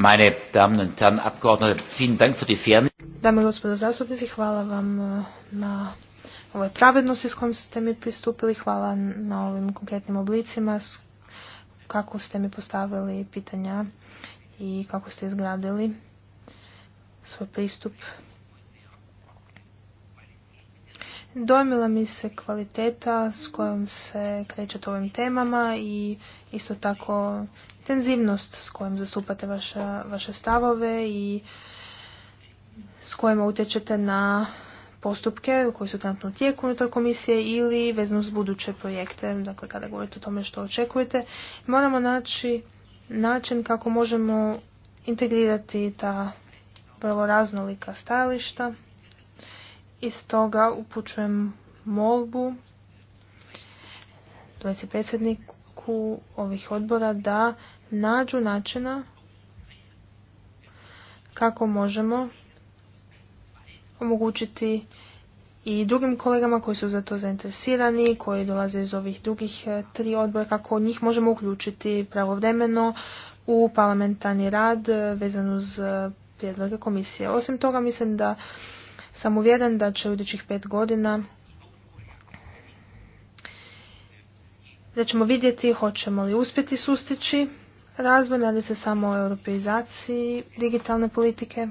Meine Damen und Herren Abgeordnete, vielen Dank für die Dame i gospodo zastupnici, hvala vam eh, na ovoj pravednosti s kojom ste mi pristupili, hvala na ovim konkretnim oblicima, kako ste mi postavili pitanja i kako ste izgradili svoj pristup Dojmila mi se kvaliteta s kojom se krećete ovim temama i isto tako intenzivnost s kojom zastupate vaše stavove i s kojima utječete na postupke koji su trenutno u tijeku unutar komisije ili vezno s buduće projekte, dakle kada govorite o tome što očekujete. Moramo naći način kako možemo integrirati ta vrlo raznolika stajališta i stoga upućujem molbu je predsjedniku ovih odbora da nađu načina kako možemo omogućiti i drugim kolegama koji su za to zainteresirani, koji dolaze iz ovih drugih e, tri odbora, kako njih možemo uključiti pravovremeno u parlamentarni rad e, vezan uz e, prijedloge komisije. Osim toga mislim da sam uvjeren da će u idućih pet godina da ćemo vidjeti hoćemo li uspjeti sustići razvoj, radi se samo o europeizaciji digitalne politike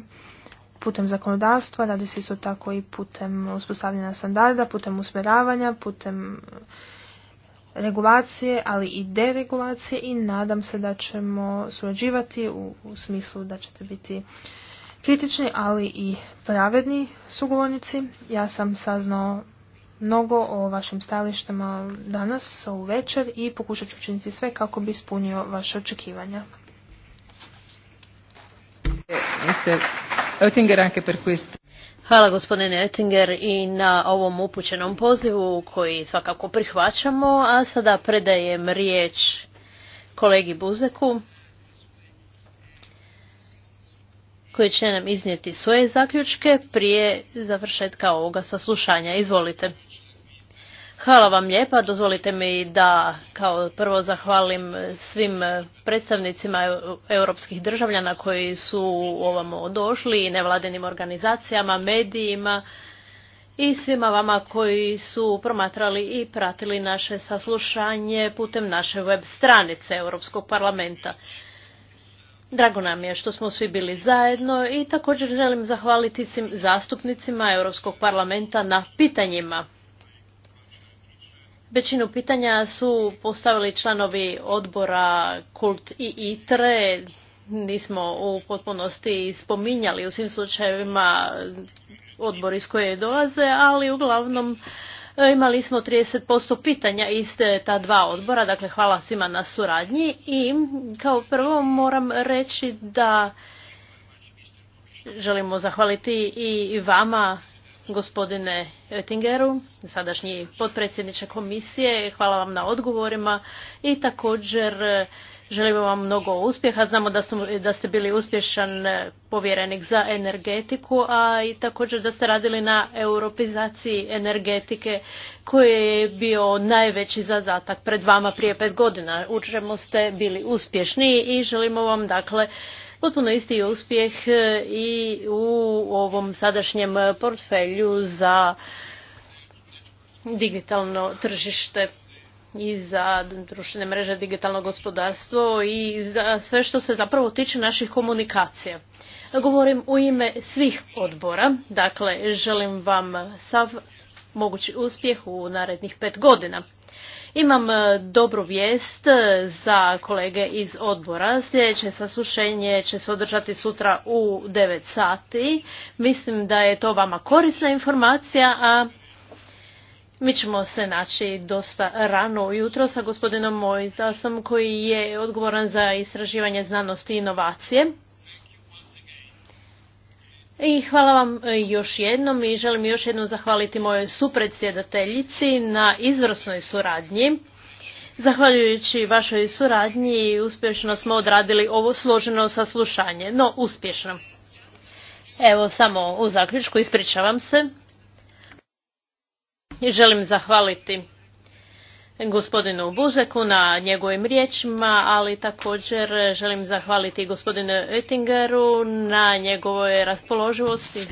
putem zakonodavstva, radi se isto tako i putem uspostavljanja standarda, putem usmjeravanja, putem regulacije, ali i deregulacije i nadam se da ćemo surađivati u, u smislu da ćete biti kritični, ali i pravedni sugovornici. Ja sam saznao mnogo o vašim stajalištima danas, u večer i pokušat ću učiniti sve kako bi ispunio vaše očekivanja. Hvala gospodine Ettinger i na ovom upućenom pozivu koji svakako prihvaćamo, a sada predajem riječ kolegi Buzeku. koji će nam iznijeti svoje zaključke prije završetka ovoga saslušanja. Izvolite. Hvala vam lijepa. Dozvolite mi da kao prvo zahvalim svim predstavnicima europskih državljana koji su ovamo došli i nevladinim organizacijama, medijima i svima vama koji su promatrali i pratili naše saslušanje putem naše web stranice Europskog parlamenta. Drago nam je što smo svi bili zajedno i također želim zahvaliti svim zastupnicima Europskog parlamenta na pitanjima. Većinu pitanja su postavili članovi odbora Kult i ITRE. Nismo u potpunosti spominjali u svim slučajevima odbor iz koje dolaze, ali uglavnom Imali smo 30% pitanja iz ta dva odbora, dakle hvala svima na suradnji i kao prvo moram reći da želimo zahvaliti i vama gospodine Oettingeru, sadašnji potpredsjedniče komisije. Hvala vam na odgovorima i također Želimo vam mnogo uspjeha. Znamo da, da ste bili uspješan e, povjerenik za energetiku, a i također da ste radili na europizaciji energetike koji je bio najveći zadatak pred vama prije pet godina. U čemu ste bili uspješni i želimo vam dakle potpuno isti uspjeh e, i u ovom sadašnjem portfelju za digitalno tržište i za društvene mreže, digitalno gospodarstvo i za sve što se zapravo tiče naših komunikacija. Govorim u ime svih odbora, dakle želim vam sav mogući uspjeh u narednih pet godina. Imam e, dobru vijest e, za kolege iz odbora. Sljedeće saslušenje će se održati sutra u 9 sati. Mislim da je to vama korisna informacija, a mi ćemo se naći dosta rano ujutro sa gospodinom Mojzasom koji je odgovoran za istraživanje znanosti i inovacije. I hvala vam još jednom i želim još jednom zahvaliti mojoj supredsjedateljici na izvrsnoj suradnji. Zahvaljujući vašoj suradnji uspješno smo odradili ovo složeno saslušanje, no uspješno. Evo samo u zaključku ispričavam se želim zahvaliti gospodinu Buzeku na njegovim riječima, ali također želim zahvaliti gospodinu Oettingeru na njegovoj raspoloživosti.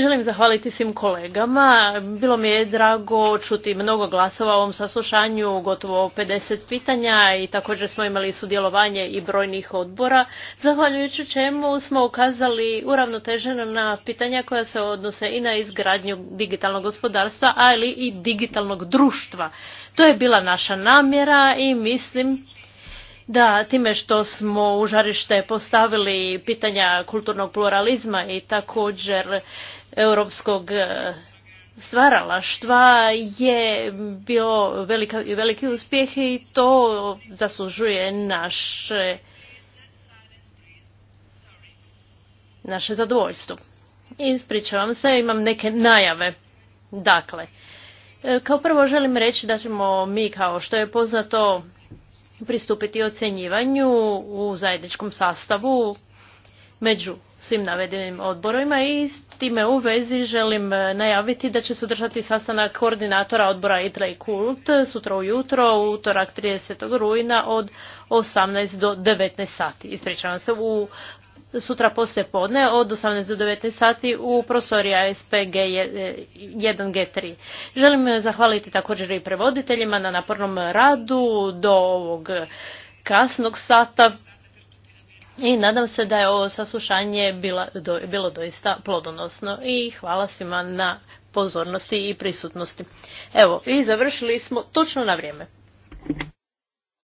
Želim zahvaliti svim kolegama. Bilo mi je drago čuti mnogo glasova u ovom saslušanju, gotovo 50 pitanja i također smo imali sudjelovanje i brojnih odbora, zahvaljujući čemu smo ukazali uravnoteženo na pitanja koja se odnose i na izgradnju digitalnog gospodarstva, ali i digitalnog društva. To je bila naša namjera i mislim da, time što smo u žarište postavili pitanja kulturnog pluralizma i također europskog e, stvaralaštva je bio veliki uspjeh i to zaslužuje naše, naše zadovoljstvo. Ispričavam se, imam neke najave. Dakle, e, kao prvo želim reći da ćemo mi kao što je poznato pristupiti ocjenjivanju u zajedničkom sastavu među svim navedenim odborima i s time u vezi želim e, najaviti da će se održati sastanak koordinatora odbora ITRA i KULT sutra ujutro, utorak 30. rujna od 18 do 19 sati. Ispričavam se, u sutra poslije podne od 18 do 19 sati u prostoriji SPG 1 g 3 e, Želim zahvaliti također i prevoditeljima na napornom radu do ovog kasnog sata i nadam se da je ovo saslušanje bilo doista plodonosno i hvala svima na pozornosti i prisutnosti. Evo, i završili smo točno na vrijeme.